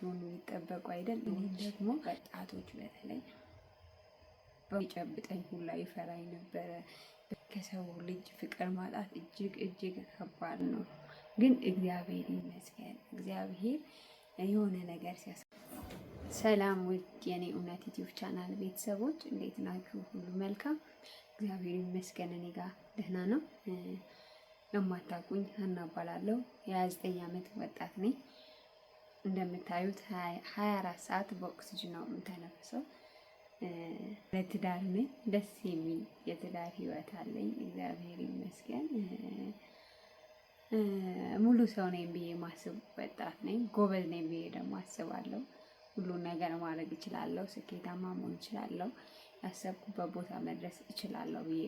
ሲሆኑ የሚጠበቁ አይደል? ይህ ደግሞ ወጣቶች በተለይ በሚጨብጠኝ ሁላ ይፈራኝ ነበረ። ከሰው ልጅ ፍቅር ማጣት እጅግ እጅግ ከባድ ነው። ግን እግዚአብሔር ይመስገን እግዚአብሔር የሆነ ነገር ሲያስ ሰላም ውድ የኔ እውነት ዩቲዩብ ቻናል ቤተሰቦች እንዴት ናችሁ? ሁሉ መልካም እግዚአብሔር ይመስገን እኔ ጋር ደህና ነው። ለማታውቁኝ አናባላለሁ የ29 ዓመት ወጣት ነኝ። እንደምታዩት 24 ሰዓት በኦክሲጅን ነው የምተነፍሰው። ለትዳር ነኝ። ደስ የሚል የትዳር ህይወት አለኝ። እግዚአብሔር ይመስገን። ሙሉ ሰው ነኝ ብዬ ማስብ ወጣት ነኝ። ጎበዝ ነኝ ብዬ ደግሞ አስባለሁ። ሁሉን ነገር ማድረግ እችላለሁ። ስኬታማ መሆን እችላለሁ። ያሰብኩበት ቦታ መድረስ እችላለሁ ብዬ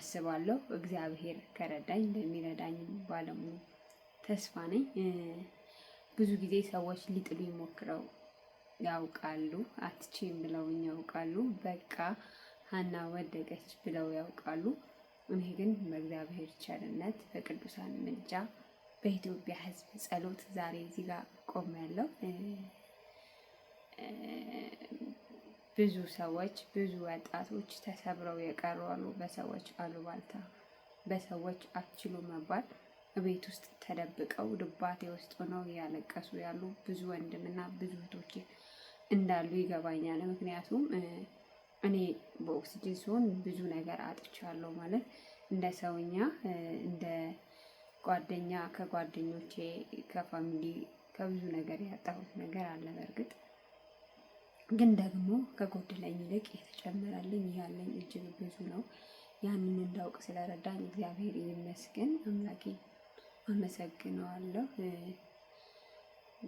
አስባለሁ። እግዚአብሔር ከረዳኝ እንደሚረዳኝ ባለሙሉ ተስፋ ነኝ። ብዙ ጊዜ ሰዎች ሊጥሉ ሞክረው ያውቃሉ። አትችም ብለውኝ ያውቃሉ። በቃ ሀና ወደቀች ብለው ያውቃሉ። እኔ ግን በእግዚአብሔር ቸርነት፣ በቅዱሳን ምልጃ፣ በኢትዮጵያ ሕዝብ ጸሎት ዛሬ እዚህ ጋር ያለው ብዙ ሰዎች ብዙ ወጣቶች ተሰብረው የቀሩ አሉ። በሰዎች አሉባልታ፣ በሰዎች አትችሉ መባል ቤት ውስጥ ተደብቀው ድባቴ ውስጥ ሆነው እያለቀሱ ያሉ ብዙ ወንድምና ብዙ እህቶች እንዳሉ ይገባኛል። ምክንያቱም እኔ በኦክሲጅን ሲሆን ብዙ ነገር አጥቻለሁ ማለት እንደ ሰውኛ እንደ ጓደኛ ከጓደኞቼ ከፋሚሊ ከብዙ ነገር ያጣሁት ነገር አለ። በእርግጥ ግን ደግሞ ከጎደለኝ ይልቅ የተጨመረልኝ ያለኝ እጅግ ብዙ ነው። ያንን እንዳውቅ ስለረዳኝ እግዚአብሔር ይመስገን አምላኬ። አመሰግነዋለሁ።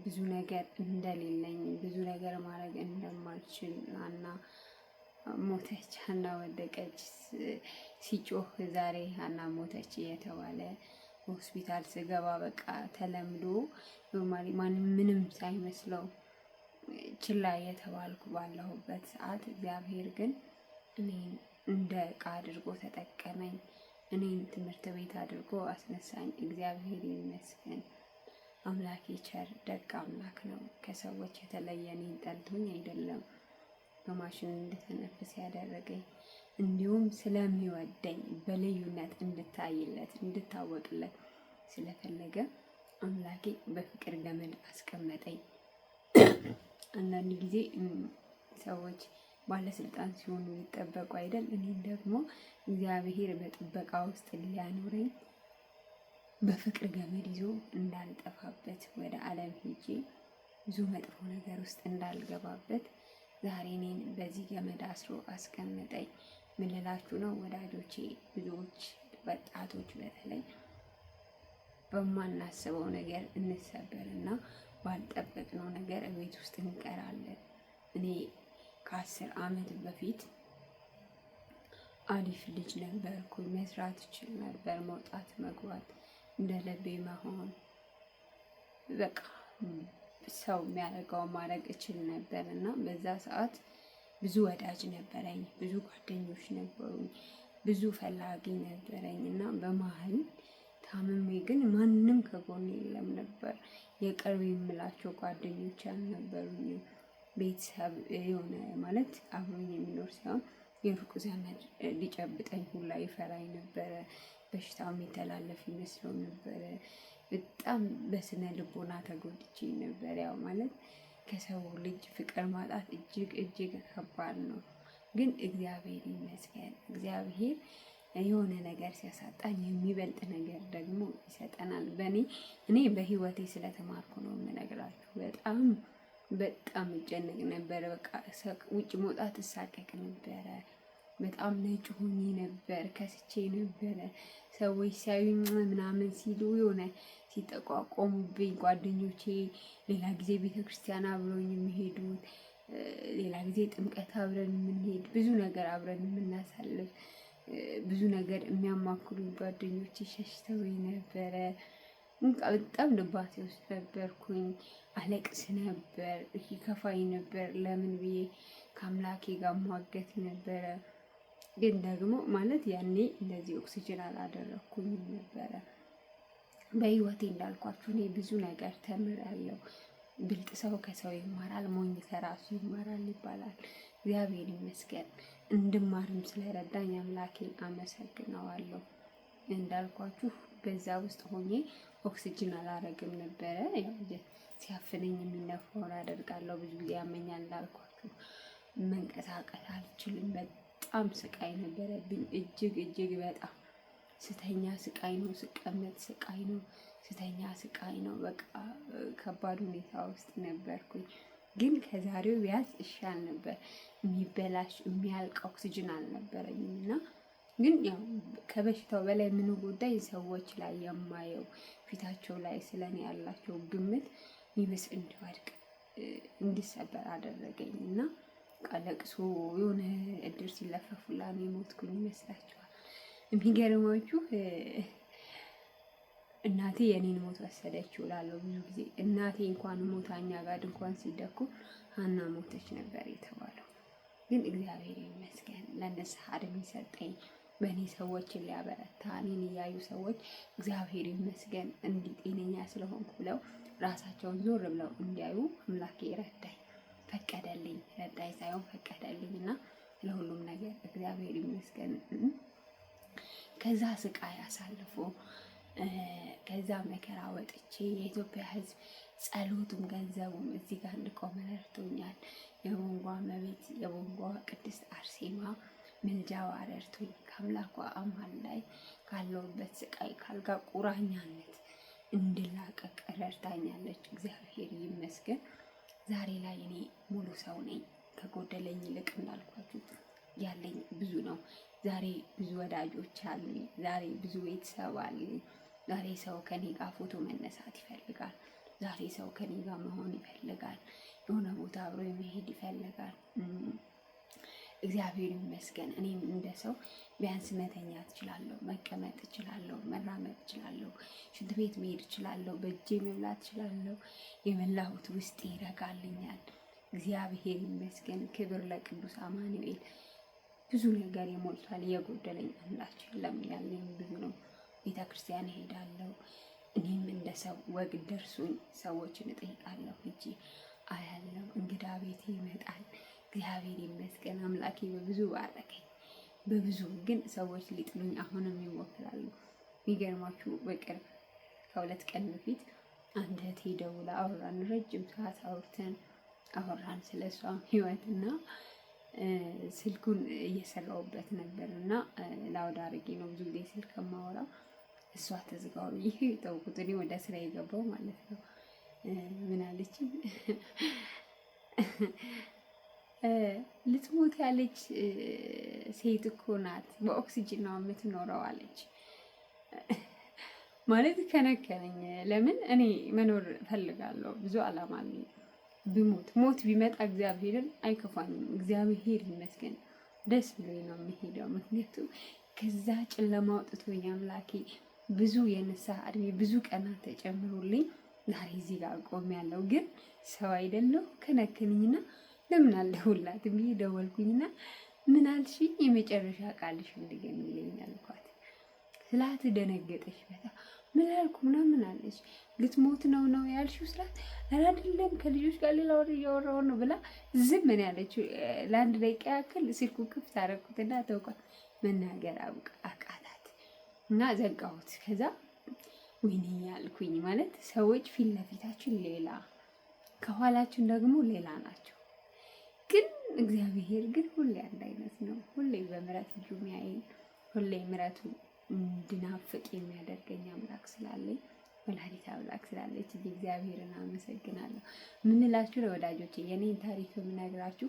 ብዙ ነገር እንደሌለኝ ብዙ ነገር ማድረግ እንደማልችል አና ሞተች አና ወደቀች ሲጮህ ዛሬ አና ሞተች እየተባለ ሆስፒታል ስገባ በቃ ተለምዶ ኖርማሊ ማንም ምንም ሳይመስለው ችላ እየተባልኩ ባለሁበት ሰዓት እግዚአብሔር ግን እኔ እንደ እቃ አድርጎ ተጠቀመኝ። እኔን ትምህርት ቤት አድርጎ አስነሳኝ። እግዚአብሔር ይመስገን። አምላኬ ቸር ደግ አምላክ ነው። ከሰዎች የተለየ እኔን ጠልቶኝ አይደለም በማሽኑ እንድተነፍስ ያደረገኝ እንዲሁም ስለሚወደኝ በልዩነት እንድታይለት እንድታወቅለት ስለፈለገ አምላኬ በፍቅር ገመድ አስቀመጠኝ። አንዳንድ ጊዜ ሰዎች ባለስልጣን ሲሆኑ የሚጠበቁ አይደል? እኔም ደግሞ እግዚአብሔር በጥበቃ ውስጥ ሊያኖረኝ በፍቅር ገመድ ይዞ እንዳልጠፋበት ወደ ዓለም ሄጄ ብዙ መጥፎ ነገር ውስጥ እንዳልገባበት ዛሬ እኔን በዚህ ገመድ አስሮ አስቀምጠኝ። ምን ነው ወዳጆቼ? ብዙዎች ወጣቶች በተለይ በማናስበው ነገር እንሰበርና ባልጠበቅነው ነገር እቤት ውስጥ እንቀራለን። እኔ ከአስር ዓመት በፊት አሪፍ ልጅ ነበርኩ። መስራት እችል ነበር፣ መውጣት መግባት፣ እንደ ልቤ መሆን፣ በቃ ሰው የሚያደርገው ማድረግ እችል ነበር እና በዛ ሰዓት ብዙ ወዳጅ ነበረኝ፣ ብዙ ጓደኞች ነበሩኝ፣ ብዙ ፈላጊ ነበረኝ እና በመሀል ታምሜ ግን ማንም ከጎን የለም ነበር። የቅርብ የምላቸው ጓደኞች አልነበሩኝም። ቤተሰብ የሆነ ማለት አብሮኝ የሚኖር ሳይሆን የሩቅ ዘመድ ሊጨብጠኝ ሁላ ይፈራኝ ነበረ። በሽታው የሚተላለፍ ይመስለው ነበረ። በጣም በስነ ልቦና ተጎድቼ ነበር። ያው ማለት ከሰው ልጅ ፍቅር ማጣት እጅግ እጅግ ከባድ ነው። ግን እግዚአብሔር ይመስገን እግዚአብሔር የሆነ ነገር ሲያሳጣኝ የሚበልጥ ነገር ደግሞ ይሰጠናል። በእኔ እኔ በህይወቴ ስለተማርኩ ነው የምነግራችሁ በጣም በጣም እጨነቅ ነበረ። በቃ ውጭ መውጣት እሳቀቅ ነበረ። በጣም ነጭ ሆኜ ነበር፣ ከስቼ ነበረ። ሰዎች ሲያዩኝ ምናምን ሲሉ የሆነ ሲጠቋቆሙብኝ፣ ጓደኞቼ ሌላ ጊዜ ቤተ ክርስቲያን አብረውኝ የሚሄዱት ሌላ ጊዜ ጥምቀት አብረን የምንሄድ ብዙ ነገር አብረን የምናሳልፍ ብዙ ነገር የሚያማክሩ ጓደኞቼ ሸሽተውኝ ነበረ። በቃ በጣም ልባቴ ውስጥ ነበርኩኝ። አለቅስ ነበር፣ ይከፋኝ ነበር። ለምን ብዬ ከአምላኬ ጋር ማገት ነበረ። ግን ደግሞ ማለት ያኔ እንደዚህ ኦክሲጅን አላደረግኩኝ ነበረ። በህይወቴ እንዳልኳችሁ እኔ ብዙ ነገር ተምሬያለሁ። ብልጥ ሰው ከሰው ይማራል፣ ሞኝ ከራሱ ይማራል ይባላል። እግዚአብሔር ይመስገን እንድማርም ስለረዳኝ አምላኬን አመሰግነዋለሁ። እንዳልኳችሁ በዛ ውስጥ ሆኜ ኦክሲጅን አላረግም ነበረ። ሲያፍነኝ የሚነፋውን አደርጋለሁ። ብዙ ጊዜ ያመኛል እንዳልኳችሁ መንቀሳቀስ አልችልም። በጣም ስቃይ ነበረብኝ። እጅግ እጅግ በጣም ስተኛ ስቃይ ነው፣ ስቀመጥ ስቃይ ነው፣ ስተኛ ስቃይ ነው። በቃ ከባድ ሁኔታ ውስጥ ነበርኩኝ። ግን ከዛሬው ቢያንስ እሻል ነበር። የሚበላሽ የሚያልቅ ኦክሲጅን አልነበረኝም እና ግን ያው ከበሽታው በላይ ምን ጉዳይ ሰዎች ላይ የማየው ፊታቸው ላይ ስለኔ ያላቸው ግምት ሚበስ እንዲወድቅ እንዲሰበር አደረገኝ እና ቀለቅሶ የሆነ እድር ሲለፈፉላ ነው የሞትኩኝ ይመስላችኋል። የሚገርማችሁ እናቴ የኔን ሞት ወሰደች እላለሁ ብዙ ጊዜ። እናቴ እንኳን ሞታ እኛ ጋር እንኳን ሲደኩ ሀና ሞተች ነበር የተባለው። ግን እግዚአብሔር ይመስገን ለነሳ እድሜ ሰጠኝ። በእኔ ሰዎችን ሊያበረታ እኔን እያዩ ሰዎች እግዚአብሔር ይመስገን እንዲህ ጤነኛ ስለሆንኩ ብለው ራሳቸውን ዞር ብለው እንዲያዩ አምላኬ ረዳኝ፣ ፈቀደልኝ። ረዳኝ ሳይሆን ፈቀደልኝ እና ለሁሉም ነገር እግዚአብሔር ይመስገን። ከዛ ስቃይ አሳልፎ ከዛ መከራ ወጥቼ የኢትዮጵያ ሕዝብ ጸሎቱም ገንዘቡም እዚህ ጋር እንድቆመ ረድቶኛል። የቦንጓ መቤት የቦንጓ ቅድስት አርሴማ ምልጃዋ ረድቶኛል። ከአምላኳ አማን ላይ ካለውበት ስቃይ ካልጋ ቁራኛነት እንድላቀቅ ረድታኛለች። እግዚአብሔር ይመስገን። ዛሬ ላይ እኔ ሙሉ ሰው ነኝ። ከጎደለኝ ይልቅ እንዳልኳችሁ ያለኝ ብዙ ነው። ዛሬ ብዙ ወዳጆች አሉኝ። ዛሬ ብዙ ቤተሰብ አሉኝ። ዛሬ ሰው ከኔ ጋር ፎቶ መነሳት ይፈልጋል። ዛሬ ሰው ከኔ ጋር መሆን ይፈልጋል። የሆነ ቦታ አብሮ መሄድ ይፈልጋል። እግዚአብሔር ይመስገን እኔም እንደ ሰው ቢያንስ መተኛት እችላለሁ፣ መቀመጥ እችላለሁ፣ መራመድ እችላለሁ፣ ሽንት ቤት መሄድ እችላለሁ፣ በእጄ መብላት እችላለሁ። የመላሁት ውስጥ ይረጋልኛል። እግዚአብሔር ይመስገን። ክብር ለቅዱስ አማኑኤል። ብዙ ነገር የሞልቷል፣ የጎደለኝ አንዳች የለም። ያለኝ ብዙ ነው። ቤተ ክርስቲያን እሄዳለሁ። እኔም እንደ ሰው ወግ ደርሶኝ ሰዎችን እጠይቃለሁ። እጅ አያለው። እንግዳ ቤት ይመጣል። እግዚአብሔር ይመስገን አምላኬ በብዙ ባረከኝ። በብዙ ግን ሰዎች ሊጥሉኝ አሁንም ይሞክራሉ። የሚገርማችሁ በቅርብ ከሁለት ቀን በፊት አንድ እህቴ ደውላ አወራን፣ ረጅም ሰዓት አውርተን አወራን ስለ እሷም ህይወት እና ስልኩን እየሰራውበት ነበር እና ላውድ አድርጌ ነው ብዙ ጊዜ ስልክ ከማወራው እሷ ተዝጋው ይህ ተውኩት። እኔ ወደ ስራ የገባው ማለት ነው። ምን አለችኝ? ልትሞት ያለች ሴት እኮ ናት፣ በኦክሲጅን ነው የምትኖረው አለች። ማለት ከነከነኝ። ለምን እኔ መኖር ፈልጋለሁ፣ ብዙ አላማ አለኝ። ብሞት ሞት ቢመጣ እግዚአብሔርን አይከፋኝም። እግዚአብሔር ይመስገን ደስ ብሎኝ ነው የሚሄደው። ምክንያቱም ከዛ ጨለማ አውጥቶኝ አምላኬ ብዙ የንስሐ እድሜ ብዙ ቀናት ተጨምሮልኝ ዛሬ እዚህ ጋር ያለው ግን ሰው አይደለሁ ከነከነኝና ለምን አልደውልላትም ብዬ ደወልኩኝና ምን አልሽ? የመጨረሻ ቃልሽ ንገሪኝ ይለኝ አልኳት። ስላት ደነገጠች በጣም ምን አልኩ ምናምን አለች። ልትሞት ነው ነው ያልሽው ስላት፣ ኧረ አይደለም ከልጆች ጋር ሌላ ወሬ እያወራሁ ነው ብላ ዝም ምን ያለችው። ለአንድ ደቂቃ ያክል ስልኩ ክፍት አደረኩትና ተውኳት። መናገር አቃላት እና ዘጋሁት። ከዛ ወይኔ ያልኩኝ ማለት ሰዎች ፊት ለፊታችን ሌላ ከኋላችን ደግሞ ሌላ ናቸው። ግን እግዚአብሔር ግን ሁሌ አንድ አይነት ነው። ሁሌ በምረት እጁ የሚያይን ሁሌ ምረቱ እንድናፍቅ የሚያደርገኝ አምላክ ስላለኝ ወላዲት አምላክ ስላለች እግዚአብሔርን አመሰግናለሁ። ምንላችሁ ለወዳጆች የኔን ታሪክ የምነግራችሁ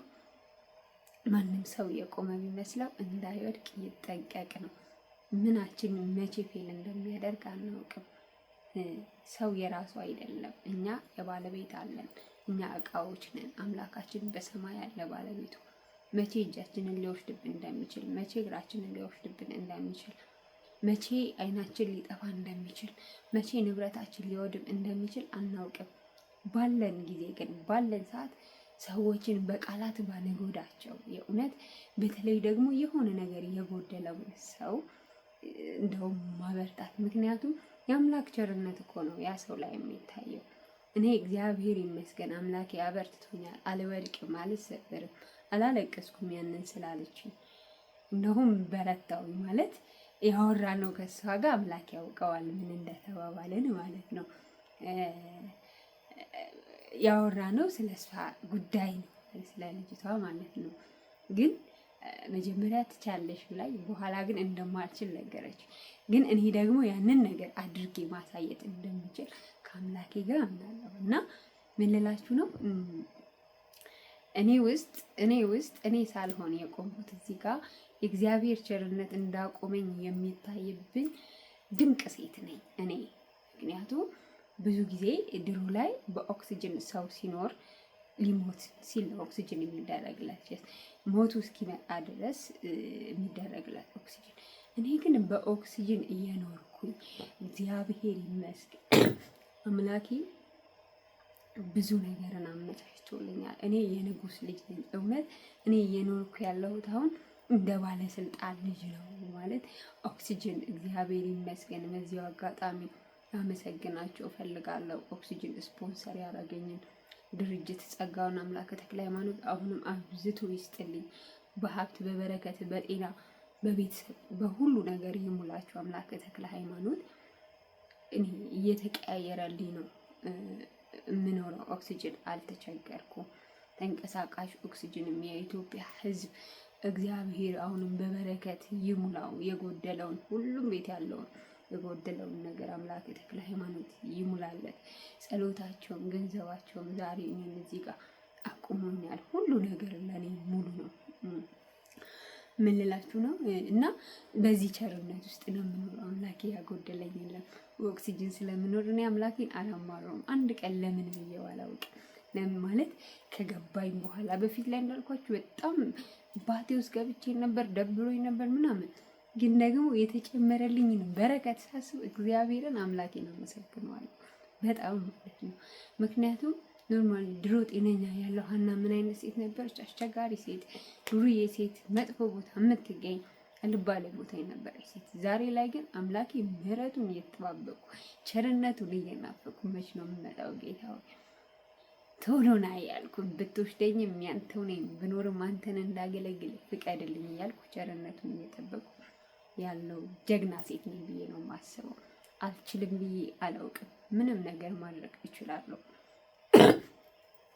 ማንም ሰው የቆመ የሚመስለው እንዳይወድቅ ይጠንቀቅ ነው። ምናችን መቼ ፌል እንደሚያደርግ አናውቅም። ሰው የራሱ አይደለም። እኛ የባለቤት አለን። እኛ እቃዎች ነን። አምላካችን በሰማይ ያለ ባለቤቱ መቼ እጃችንን ሊወስድብን እንደሚችል፣ መቼ እግራችንን ሊወስድብን እንደሚችል፣ መቼ አይናችን ሊጠፋ እንደሚችል፣ መቼ ንብረታችን ሊወድም እንደሚችል አናውቅም። ባለን ጊዜ ግን ባለን ሰዓት ሰዎችን በቃላት ባንጎዳቸው የእውነት በተለይ ደግሞ የሆነ ነገር የጎደለውን ሰው እንደውም ማበርታት። ምክንያቱም የአምላክ ቸርነት እኮ ነው ያ ሰው ላይ የሚታየው እኔ እግዚአብሔር ይመስገን አምላኬ አበርትቶኛል፣ አልወድቅም፣ አልሰበርም፣ አላለቀስኩም ያንን ስላለችኝ እንደሁም በረታው ማለት ያወራ ነው ከሷ ጋር አምላክ ያውቀዋል ምን እንደተባባልን ማለት ነው። ያወራ ነው ስለ እሷ ጉዳይ ነው ስለ ልጅቷ ማለት ነው። ግን መጀመሪያ ትቻለሽ ብላኝ፣ በኋላ ግን እንደማልችል ነገረች። ግን እኔ ደግሞ ያንን ነገር አድርጌ ማሳየት እንደምችል ከአምላኬ ጋር አምናለሁ እና ምን ልላችሁ ነው እኔ ውስጥ እኔ ውስጥ እኔ ሳልሆን የቆምኩት እዚህ ጋር የእግዚአብሔር ቸርነት እንዳቆመኝ የሚታይብኝ ድንቅ ሴት ነኝ እኔ። ምክንያቱም ብዙ ጊዜ ድሮ ላይ በኦክስጅን ሰው ሲኖር ሊሞት ሲል ኦክሲጅን የሚደረግላት ሞቱ እስኪመጣ ድረስ የሚደረግላት ኦክሲጅን። እኔ ግን በኦክስጅን እየኖርኩኝ እግዚአብሔር ይመስገን አምላኬ ብዙ ነገርን አመቻችቶልኛል። እኔ የንጉስ ልጅ ነኝ። እውነት እኔ እየኖርኩ ያለሁት አሁን እንደ ባለስልጣን ልጅ ነው ማለት ኦክሲጅን፣ እግዚአብሔር ይመስገን። በዚሁ አጋጣሚ አመሰግናቸው እፈልጋለሁ። ኦክሲጅን ስፖንሰር ያደረገኝን ድርጅት ጸጋውን አምላክ ተክለ ሃይማኖት አሁንም አብዝቶ ይስጥልኝ። በሀብት በበረከት በጤና በቤተሰብ በሁሉ ነገር ይሙላቸው አምላክ ተክለ ሃይማኖት እኔ እየተቀያየረልኝ ነው የምኖረው። ኦክሲጅን አልተቸገርኩ። ተንቀሳቃሽ ኦክሲጅንም የኢትዮጵያ ሕዝብ እግዚአብሔር አሁንም በበረከት ይሙላው። የጎደለውን ሁሉም ቤት ያለውን የጎደለውን ነገር አምላክ የተክለ ሃይማኖት ይሙላለት። ጸሎታቸውም ገንዘባቸውም ዛሬ እኔም እዚህ ጋር አቁሞኛል። ሁሉ ነገር ለእኔ ሙሉ ነው። ምን ልላችሁ ነው? እና በዚህ ቸርነት ውስጥ ነው የምኖረው። አምላክ ያጎደለኝ የለም። ኦክሲጅን ስለምኖር እኔ አምላኬን አላማረውም። አንድ ቀን ለምን ብዬው አላውቅም። ለምን ማለት ከገባኝ በኋላ በፊት ላይ እንዳልኳችሁ በጣም ባቴ ውስጥ ገብቼ ነበር፣ ደብሮኝ ነበር ምናምን። ግን ደግሞ የተጨመረልኝን በረከት ሳስብ እግዚአብሔርን አምላኬን አመሰግነዋለሁ በጣም ማለት ነው። ምክንያቱም ኖርማል ድሮ ጤነኛ ያለው ሀና ምን አይነት ሴት ነበረች? አስቸጋሪ ሴት፣ ዱርዬ ሴት፣ መጥፎ ቦታ የምትገኝ ከልባለ ቦታ የነበረች ሴት ዛሬ ላይ ግን አምላኬ ምሕረቱን እየተጠባበቁ ቸርነቱን እየናፈቁ መች ነው የምመጣው ጌታ ሆይ ቶሎ ና ያልኩን ብትወስደኝም ያንተው ነኝ ብኖርም አንተን እንዳገለግል ፍቀድልኝ እያልኩ ቸርነቱን እየጠበቁ ያለው ጀግና ሴት ነኝ ብዬ ነው የማስበው። አልችልም ብዬ አላውቅም። ምንም ነገር ማድረግ እችላለሁ።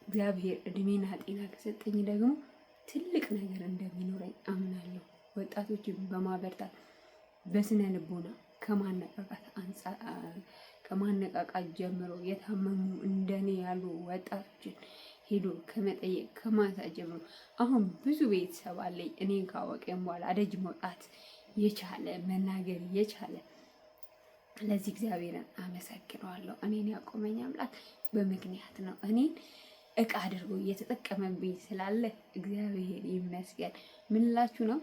እግዚአብሔር እድሜና ጤና ከሰጠኝ ደግሞ ትልቅ ነገር እንደሚኖረኝ አምናለሁ። ወጣቶችን በማበርታት በስነ ልቦና ከማነቃቃት ከማነቃቃት ጀምሮ የታመሙ እንደኔ ያሉ ወጣቶችን ሄዶ ከመጠየቅ ከማንሳት ጀምሮ አሁን ብዙ ቤተሰብ አለኝ እኔ ካወቀኝ በኋላ አደጅ መውጣት የቻለ መናገር የቻለ ለዚህ እግዚአብሔርን አመሰግነዋለሁ። እኔን ያቆመኝ አምላክ በምክንያት ነው። እኔን እቃ አድርጎ እየተጠቀመብኝ ስላለ እግዚአብሔር ይመስገን። ምንላችሁ ነው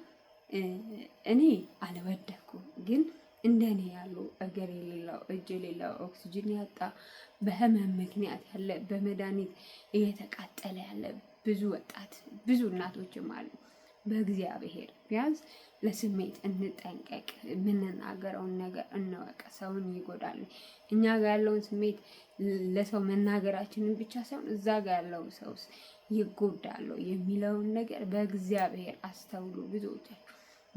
እኔ አልወደኩም ግን እንደኔ ያሉ እግር የሌለው እጅ የሌለው ኦክሲጅን ያጣ በህመም ምክንያት ያለ በመድኃኒት እየተቃጠለ ያለ ብዙ ወጣት ብዙ እናቶችም አሉ። በእግዚአብሔር ቢያንስ ለስሜት እንጠንቀቅ፣ የምንናገረውን ነገር እንወቅ። ሰውን ይጎዳል። እኛ ጋር ያለውን ስሜት ለሰው መናገራችንን ብቻ ሳይሆን እዛ ጋር ያለው ሰውስ ይጎዳሉ የሚለውን ነገር በእግዚአብሔር አስተውሉ። ብዙዎቻችሁ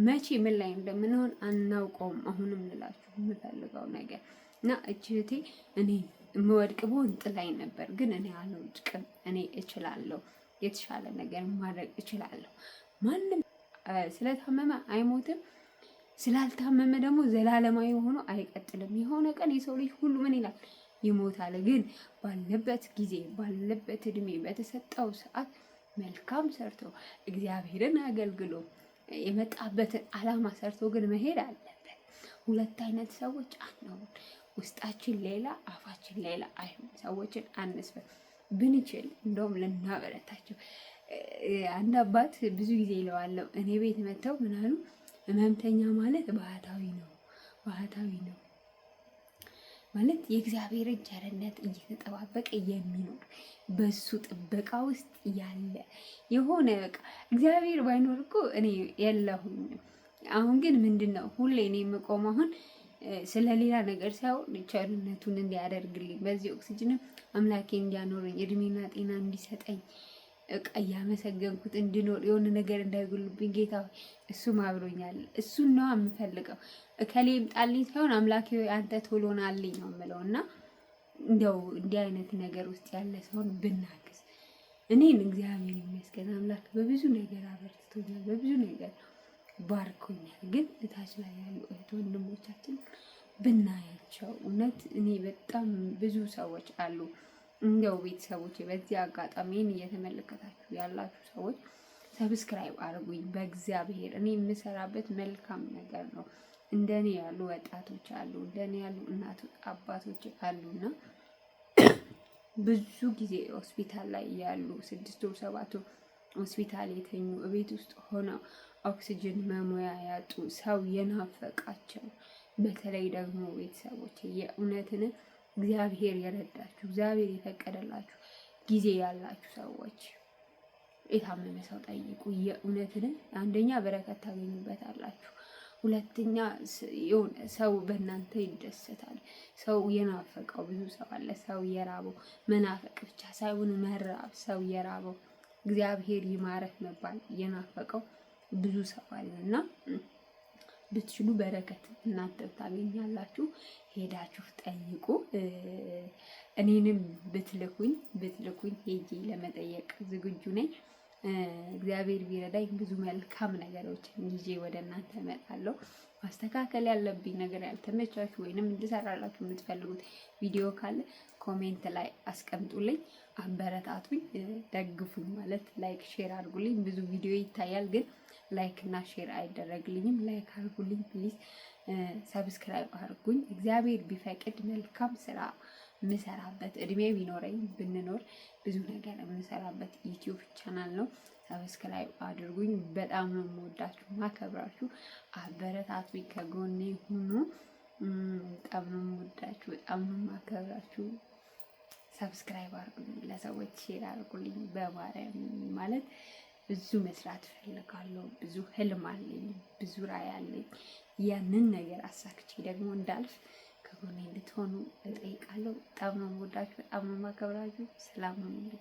መቼ ምን ላይ እንደምንሆን አናውቀውም። አሁንም ልላችሁ የምፈልገው ነገር እና እች እህቴ እኔ የምወድቅ ብሆን ጥላኝ ነበር፣ ግን እኔ አልወድቅም። እኔ እችላለሁ፣ የተሻለ ነገር ማድረግ እችላለሁ። ማንም ስለታመመ አይሞትም። ስላልታመመ ደግሞ ዘላለማዊ ሆኖ አይቀጥልም። የሆነ ቀን የሰው ልጅ ሁሉ ምን ይላል? ይሞታል። ግን ባለበት ጊዜ ባለበት እድሜ በተሰጠው ሰዓት መልካም ሰርቶ እግዚአብሔርን አገልግሎ የመጣበትን ዓላማ ሰርቶ ግን መሄድ አለበት። ሁለት አይነት ሰዎች አንሆን። ውስጣችን ሌላ፣ አፋችን ሌላ አይሆን። ሰዎችን አንስበት ብንችል እንደውም ልናበረታቸው። አንድ አባት ብዙ ጊዜ ይለዋለው እኔ ቤት መጥተው ምናሉ ህመምተኛ ማለት ባህታዊ ነው ባህታዊ ነው ማለት የእግዚአብሔርን ቸርነት እየተጠባበቀ የሚኖር በሱ ጥበቃ ውስጥ ያለ የሆነ በቃ እግዚአብሔር ባይኖር እኮ እኔ የለሁም። አሁን ግን ምንድን ነው ሁሌ እኔ የምቆም አሁን ስለ ሌላ ነገር ሳይሆን ቸርነቱን እንዲያደርግልኝ በዚህ ኦክሲጅንም አምላኬ እንዲያኖረኝ እድሜና ጤና እንዲሰጠኝ እቃ እያመሰገንኩት እንድኖር የሆነ ነገር እንዳይጎልብኝ ጌታ እሱም አብሮኛል። እሱን ነው የምፈልገው። እከሌ ይምጣልኝ ሳይሆን አምላኬ አንተ ቶሎ ና አለኝ ነው የምለው እና እንደው እንዲህ አይነት ነገር ውስጥ ያለ ሰውን ብናግዝ እኔን እግዚአብሔር ይመስገን አምላክ በብዙ ነገር አበርትቶኛል፣ በብዙ ነገር ባርኮኛል። ግን እታች ላይ ያሉ እህት ወንድሞቻችን ብናያቸው እውነት እኔ በጣም ብዙ ሰዎች አሉ እንደው ቤተሰቦች በዚህ አጋጣሚን እየተመለከታችሁ ያላችሁ ሰዎች ሰብስክራይብ አድርጉኝ። በእግዚአብሔር እኔ የምሰራበት መልካም ነገር ነው። እንደኔ ያሉ ወጣቶች አሉ፣ እንደኔ ያሉ እናት አባቶች አሉና ብዙ ጊዜ ሆስፒታል ላይ ያሉ ስድስት ወር ሰባት ወር ሆስፒታል የተኙ እቤት ውስጥ ሆነው ኦክሲጅን መሙያ ያጡ ሰው የናፈቃቸው በተለይ ደግሞ ቤተሰቦች የእውነትን እግዚአብሔር የረዳችሁ እግዚአብሔር የፈቀደላችሁ ጊዜ ያላችሁ ሰዎች የታመመ ሰው ጠይቁ። የእውነትን አንደኛ በረከት ታገኙበታላችሁ፣ ሁለተኛ ሰው በእናንተ ይደሰታል። ሰው የናፈቀው ብዙ ሰው አለ። ሰው የራበው መናፈቅ ብቻ ሳይሆን መራብ፣ ሰው የራበው እግዚአብሔር ይማረክ መባል የናፈቀው ብዙ ሰው አለ እና ብትችሉ በረከት እናንተ ታገኛላችሁ። ሄዳችሁ ጠይቁ። እኔንም ብትልኩኝ ብትልኩኝ ሄጄ ለመጠየቅ ዝግጁ ነኝ። እግዚአብሔር ቢረዳኝ ብዙ መልካም ነገሮችን ይዤ ወደ እናንተ እመጣለሁ። ማስተካከል ያለብኝ ነገር ያልተመቻችሁ ወይንም እንድሰራላችሁ የምትፈልጉት ቪዲዮ ካለ ኮሜንት ላይ አስቀምጡልኝ፣ አበረታቱኝ፣ ደግፉኝ። ማለት ላይክ ሼር አድርጉልኝ። ብዙ ቪዲዮ ይታያል ግን ላይክ እና ሼር አይደረግልኝም። ላይክ አርጉልኝ ፕሊዝ፣ ሰብስክራይብ አርጉኝ። እግዚአብሔር ቢፈቅድ መልካም ስራ የምሰራበት እድሜ ቢኖረኝ ብንኖር ብዙ ነገር የምሰራበት ዩቲዩብ ቻናል ነው። ሰብስክራይብ አድርጉኝ። በጣም ነው የምወዳችሁ ማከብራችሁ። አበረታቱኝ፣ ከጎኔ ሁኑ። በጣም ነው የምወዳችሁ፣ በጣም ነው ማከብራችሁ። ሰብስክራይብ አድርጉልኝ፣ ለሰዎች ሼር አድርጉልኝ። በማርያም ማለት ብዙ መስራት እፈልጋለሁ፣ ብዙ ህልም አለኝ፣ ብዙ ራዕይ አለኝ። ያንን ነገር አሳክቼ ደግሞ እንዳልፍ ከጎኔ እንድትሆኑ እጠይቃለሁ። በጣም ነው የምወዳችሁ፣ በጣም ነው የማከብራችሁ። ሰላም ነው።